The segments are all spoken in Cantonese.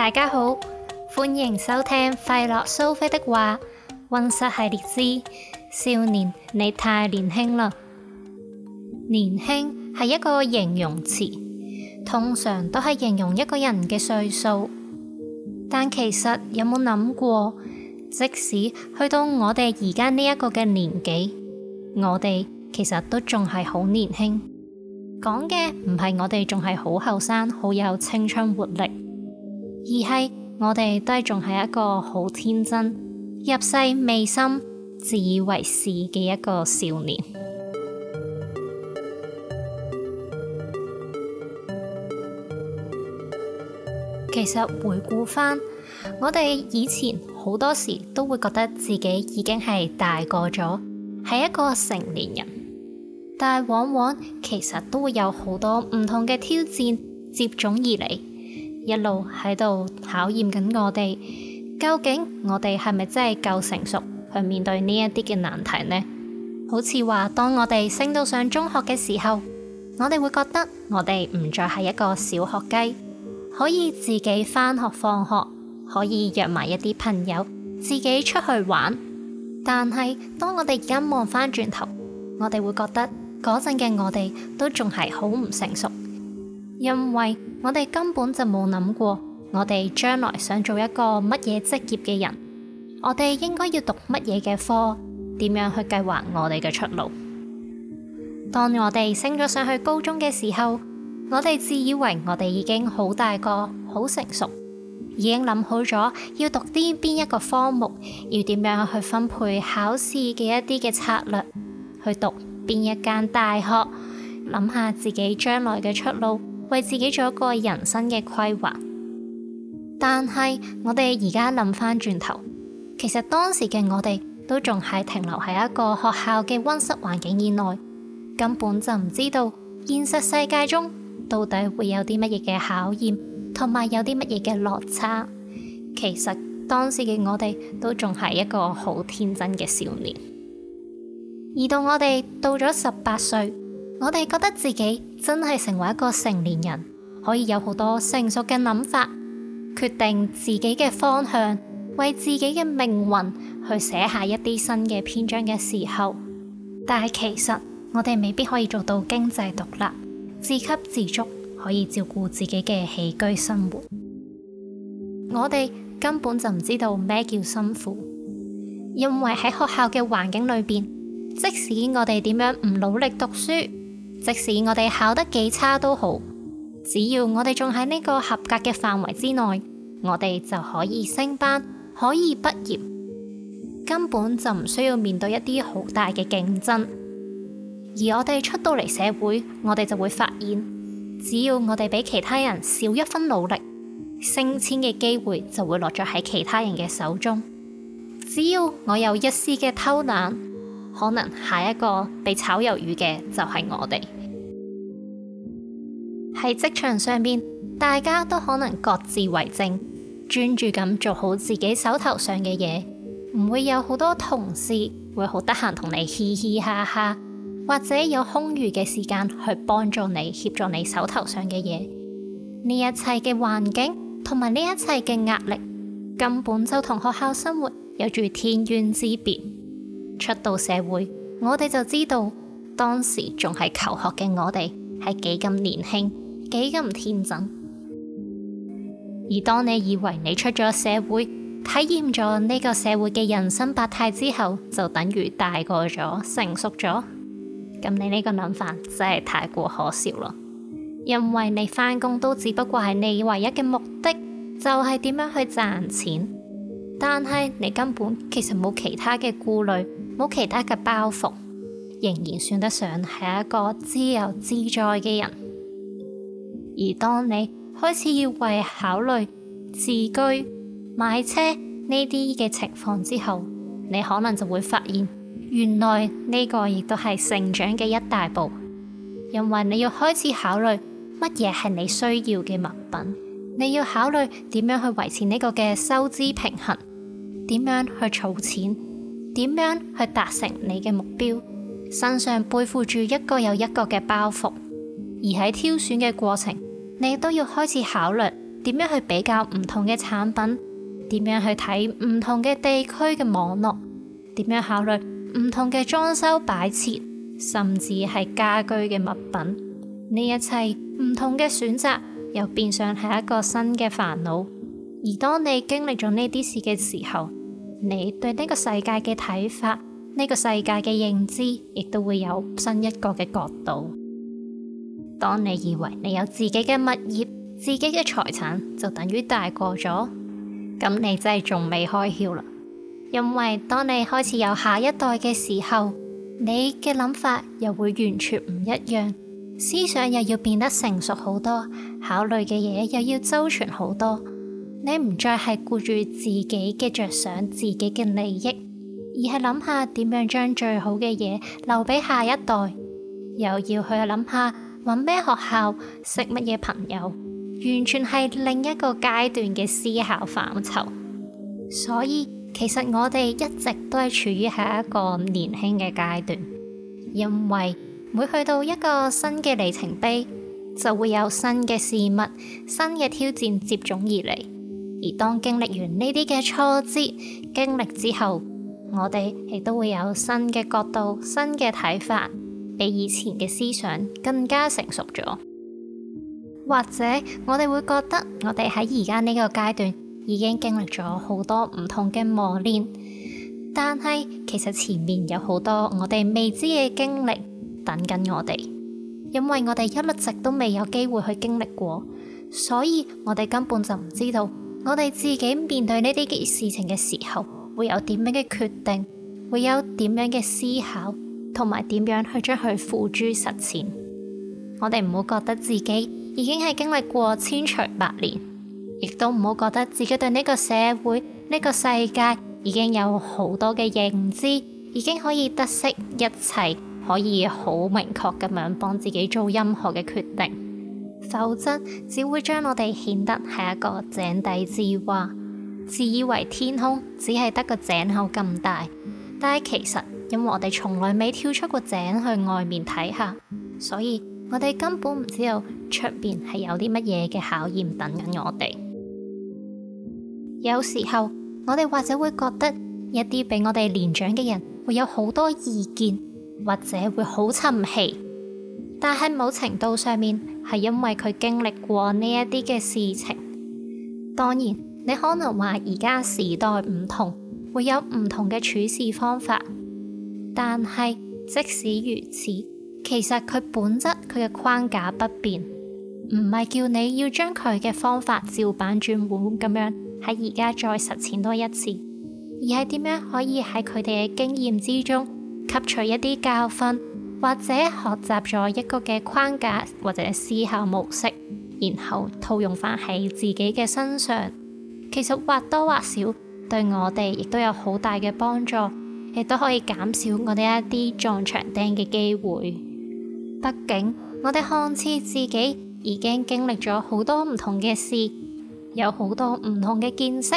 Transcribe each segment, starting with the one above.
大家好，歡迎收聽快樂蘇菲的話溫室系列之少年，你太年輕啦！年輕係一個形容詞，通常都係形容一個人嘅歲數。但其實有冇諗過，即使去到我哋而家呢一個嘅年紀，我哋其實都仲係好年輕。講嘅唔係我哋仲係好後生，好有青春活力。而係我哋都仲係一個好天真、入世未深、自以為是嘅一個少年。 其實回顧翻我哋以前，好多時都會覺得自己已經係大個咗，係一個成年人，但往往其實都會有好多唔同嘅挑戰接踵而嚟。一路喺度考驗緊我哋，究竟我哋係咪真係夠成熟去面對呢一啲嘅難題呢？好似話當我哋升到上中學嘅時候，我哋會覺得我哋唔再係一個小學雞，可以自己返學、放學，可以約埋一啲朋友自己出去玩。但係當我哋而家望返轉頭，我哋會覺得嗰陣嘅我哋都仲係好唔成熟。因為我哋根本就冇諗過，我哋將來想做一個乜嘢職業嘅人，我哋應該要讀乜嘢嘅科，點樣去計劃我哋嘅出路。當我哋升咗上去高中嘅時候，我哋自以為我哋已經好大個，好成熟，已經諗好咗要讀啲邊一個科目，要點樣去分配考試嘅一啲嘅策略，去讀邊一間大學，諗下自己將來嘅出路。為自己做一個人生嘅規劃，但係我哋而家諗翻轉頭，其實當時嘅我哋都仲係停留喺一個學校嘅溫室環境以內，根本就唔知道現實世界中到底會有啲乜嘢嘅考驗，同埋有啲乜嘢嘅落差。其實當時嘅我哋都仲係一個好天真嘅少年。而到我哋到咗十八歲，我哋覺得自己。真係成為一個成年人，可以有好多成熟嘅諗法，決定自己嘅方向，為自己嘅命運去寫下一啲新嘅篇章嘅時候。但係其實我哋未必可以做到經濟獨立，自給自足，可以照顧自己嘅起居生活。我哋根本就唔知道咩叫辛苦，因為喺學校嘅環境裏邊，即使我哋點樣唔努力讀書。即使我哋考得幾差都好，只要我哋仲喺呢個合格嘅範圍之內，我哋就可以升班，可以畢業，根本就唔需要面對一啲好大嘅競爭。而我哋出到嚟社會，我哋就會發現，只要我哋比其他人少一分努力，升遷嘅機會就會落咗喺其他人嘅手中。只要我有一絲嘅偷懶。可能下一個被炒魷魚嘅就係我哋。喺職場上邊，大家都可能各自為政，專注咁做好自己手頭上嘅嘢，唔會有好多同事會好得閒同你嘻嘻哈哈，或者有空餘嘅時間去幫助你協助你手頭上嘅嘢。呢一切嘅環境同埋呢一切嘅壓力，根本就同學校生活有住天淵之別。出到社會，我哋就知道當時仲係求學嘅我哋係幾咁年輕，幾咁天真。而當你以為你出咗社會，體驗咗呢個社會嘅人生百態之後，就等於大個咗，成熟咗。咁你呢個諗法真係太過可笑咯，因為你返工都只不過係你唯一嘅目的，就係點樣去賺錢。但係你根本其實冇其他嘅顧慮。冇其他嘅包袱，仍然算得上係一個自由自在嘅人。而當你開始要為考慮自居、買車呢啲嘅情況之後，你可能就會發現，原來呢個亦都係成長嘅一大步，因為你要開始考慮乜嘢係你需要嘅物品，你要考慮點樣去維持呢個嘅收支平衡，點樣去儲錢。點樣去達成你嘅目標？身上背負住一個又一個嘅包袱，而喺挑選嘅過程，你都要開始考慮點樣去比較唔同嘅產品，點樣去睇唔同嘅地區嘅網絡，點樣考慮唔同嘅裝修擺設，甚至係家居嘅物品。呢一切唔同嘅選擇，又變相係一個新嘅煩惱。而當你經歷咗呢啲事嘅時候，你對呢個世界嘅睇法，呢個世界嘅認知，亦都會有新一個嘅角度。當你以為你有自己嘅物業、自己嘅財產，就等於大個咗，咁你真係仲未開竅啦。因為當你開始有下一代嘅時候，你嘅諗法又會完全唔一樣，思想又要變得成熟好多，考慮嘅嘢又要周全好多。你唔再係顧住自己嘅着想、自己嘅利益，而係諗下點樣將最好嘅嘢留俾下一代，又要去諗下搵咩學校、識乜嘢朋友，完全係另一個階段嘅思考範疇。所以其實我哋一直都係處於喺一個年輕嘅階段，因為每去到一個新嘅里程碑，就會有新嘅事物、新嘅挑戰接踵而嚟。而當經歷完呢啲嘅挫折經歷之後，我哋亦都會有新嘅角度、新嘅睇法，比以前嘅思想更加成熟咗。或者我哋會覺得我哋喺而家呢個階段已經經歷咗好多唔同嘅磨練，但係其實前面有好多我哋未知嘅經歷等緊我哋，因為我哋一直都未有機會去經歷過，所以我哋根本就唔知道。我哋自己面對呢啲嘅事情嘅時候，會有點樣嘅決定，會有點樣嘅思考，同埋點樣去將佢付諸實踐。我哋唔好覺得自己已經係經歷過千錘百煉，亦都唔好覺得自己對呢個社會、呢個世界已經有好多嘅認知，已經可以得悉一切，可以好明確咁樣幫自己做任何嘅決定。否則只會將我哋顯得係一個井底之蛙，自以為天空只係得個井口咁大。但係其實，因為我哋從來未跳出過井去外面睇下，所以我哋根本唔知道出邊係有啲乜嘢嘅考驗等緊我哋。有時候我哋或者會覺得一啲比我哋年長嘅人會有好多意見，或者會好親氣。但係某程度上面係因為佢經歷過呢一啲嘅事情。當然，你可能話而家時代唔同，會有唔同嘅處事方法。但係即使如此，其實佢本質佢嘅框架不變，唔係叫你要將佢嘅方法照板煮碗咁樣喺而家再實踐多一次，而係點樣可以喺佢哋嘅經驗之中吸取一啲教訓。或者學習咗一個嘅框架或者思考模式，然後套用翻喺自己嘅身上，其實或多或少對我哋亦都有好大嘅幫助，亦都可以減少我哋一啲撞牆釘嘅機會。畢竟我哋看似自己已經經歷咗好多唔同嘅事，有好多唔同嘅見識，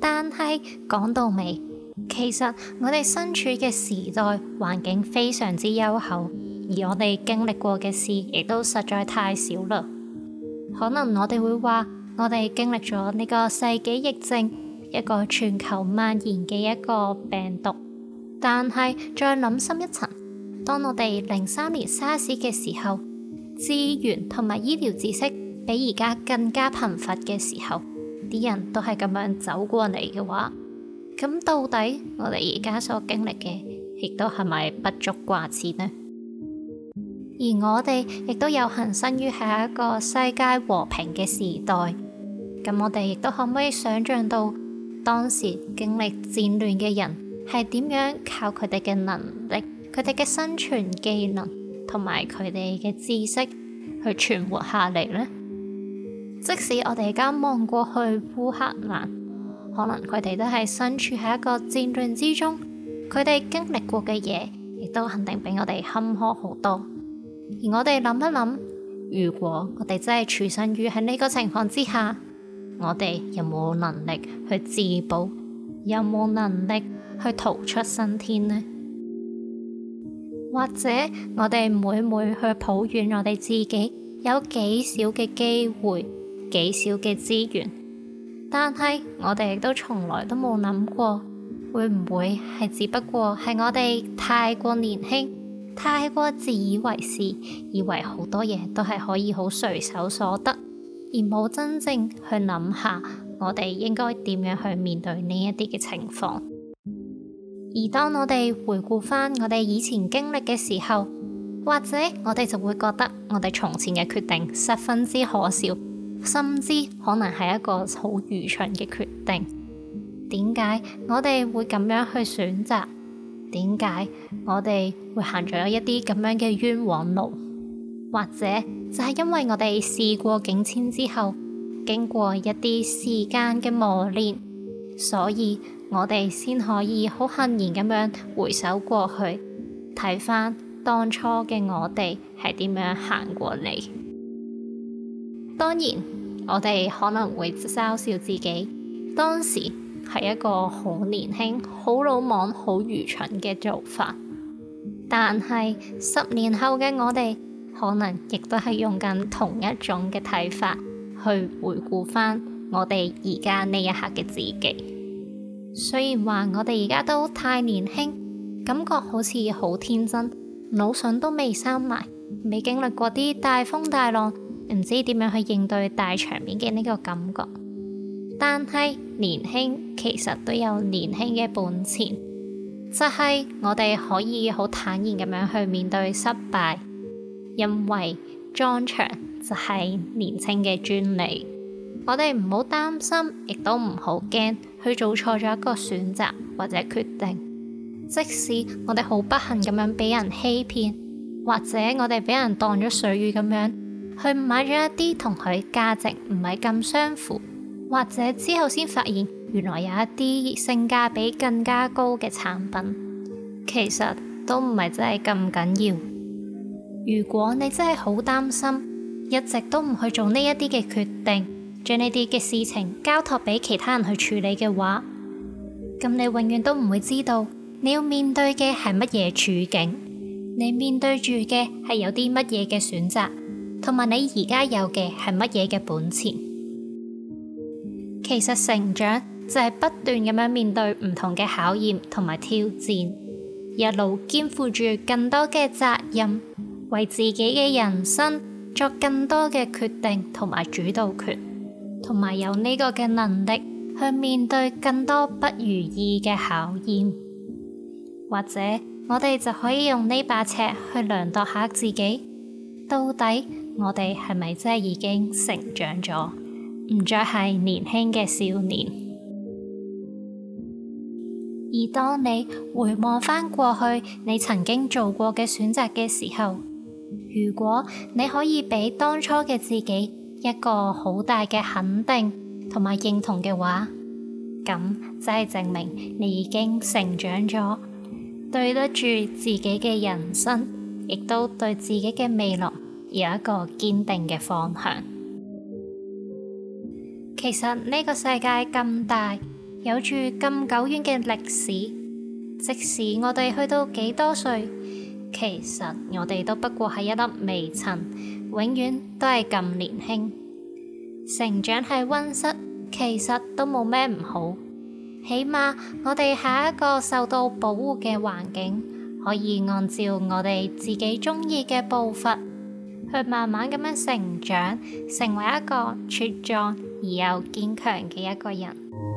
但係講到尾。其實我哋身處嘅時代環境非常之優厚，而我哋經歷過嘅事亦都實在太少啦。可能我哋會話，我哋經歷咗呢個世紀疫症，一個全球蔓延嘅一個病毒。但係再諗深一層，當我哋零三年沙士嘅時候，資源同埋醫療知識比而家更加貧乏嘅時候，啲人都係咁樣走過嚟，嘅話。咁到底我哋而家所經歷嘅，亦都係咪不足掛齒呢？而我哋亦都有幸生於係一個世界和平嘅時代。咁我哋亦都可唔可以想像到當時經歷戰亂嘅人係點樣靠佢哋嘅能力、佢哋嘅生存技能同埋佢哋嘅知識去存活下嚟呢？即使我哋而家望過去烏克蘭。可能佢哋都係身處喺一個戰亂之中，佢哋經歷過嘅嘢，亦都肯定比我哋坎坷好多。而我哋諗一諗，如果我哋真係處身於喺呢個情況之下，我哋有冇能力去自保？有冇能力去逃出生天呢？或者我哋每每去抱怨我哋自己有幾少嘅機會，幾少嘅資源。但係我哋亦都從來都冇諗過，會唔會係只不過係我哋太過年輕、太過自以為是，以為好多嘢都係可以好隨手所得，而冇真正去諗下我哋應該點樣去面對呢一啲嘅情況。而當我哋回顧翻我哋以前經歷嘅時候，或者我哋就會覺得我哋從前嘅決定十分之可笑。甚至可能係一個好愚蠢嘅決定，點解我哋會咁樣去選擇？點解我哋會行咗一啲咁樣嘅冤枉路？或者就係因為我哋事過境遷之後，經過一啲時間嘅磨練，所以我哋先可以好欣然咁樣回首過去，睇返當初嘅我哋係點樣行過嚟？當然。我哋可能會嘲笑自己當時係一個好年輕、好魯莽、好愚蠢嘅做法，但係十年後嘅我哋可能亦都係用緊同一種嘅睇法去回顧返我哋而家呢一刻嘅自己。雖然話我哋而家都太年輕，感覺好似好天真，腦囟都未生埋，未經歷過啲大風大浪，唔知點樣去應對大場面嘅呢個感覺，但係年輕其實都有年輕嘅本錢，就係我哋可以好坦然咁樣去面對失敗，因為裝場就係年輕嘅專利。我哋唔好擔心，亦都唔好驚去做錯咗一個選擇或者決定，即使我哋好不幸咁樣俾人欺騙，或者我哋俾人當咗水魚咁樣。去買咗一啲同佢價值唔係咁相符，或者之後先發現原來有一啲性價比更加高嘅產品，其實都唔係真係咁緊要。如果你真係好擔心，一直都唔去做呢一啲嘅決定，將呢啲嘅事情交託俾其他人去處理嘅話，咁你永遠都唔會知道你要面對嘅係乜嘢處境，你面對住嘅係有啲乜嘢嘅選擇。同埋你而家有嘅係乜嘢嘅本錢？其實成長就係不斷咁樣面對唔同嘅考驗同埋挑戰，一路肩負住更多嘅責任，為自己嘅人生作更多嘅決定同埋主導權，同埋有呢個嘅能力去面對更多不如意嘅考驗。或者我哋就可以用呢把尺去量度下自己，到底。我哋係咪真係已經成長咗，唔再係年輕嘅少年？而當你回望翻過去你曾經做過嘅選擇嘅時候，如果你可以俾當初嘅自己一個好大嘅肯定同埋認同嘅話，咁就係證明你已經成長咗，對得住自己嘅人生，亦都對自己嘅未來，有一個堅定嘅方向。其實呢個世界咁大，有住咁久遠嘅歷史。即使我哋去到幾多歲，其實我哋都不過係一粒微塵，永遠都係咁年輕。成長喺溫室，其實都冇咩唔好，起碼我哋下一個受到保護嘅環境，可以按照我哋自己中意嘅步伐，去慢慢咁樣成長，成為一個茁壯而又堅強嘅一個人。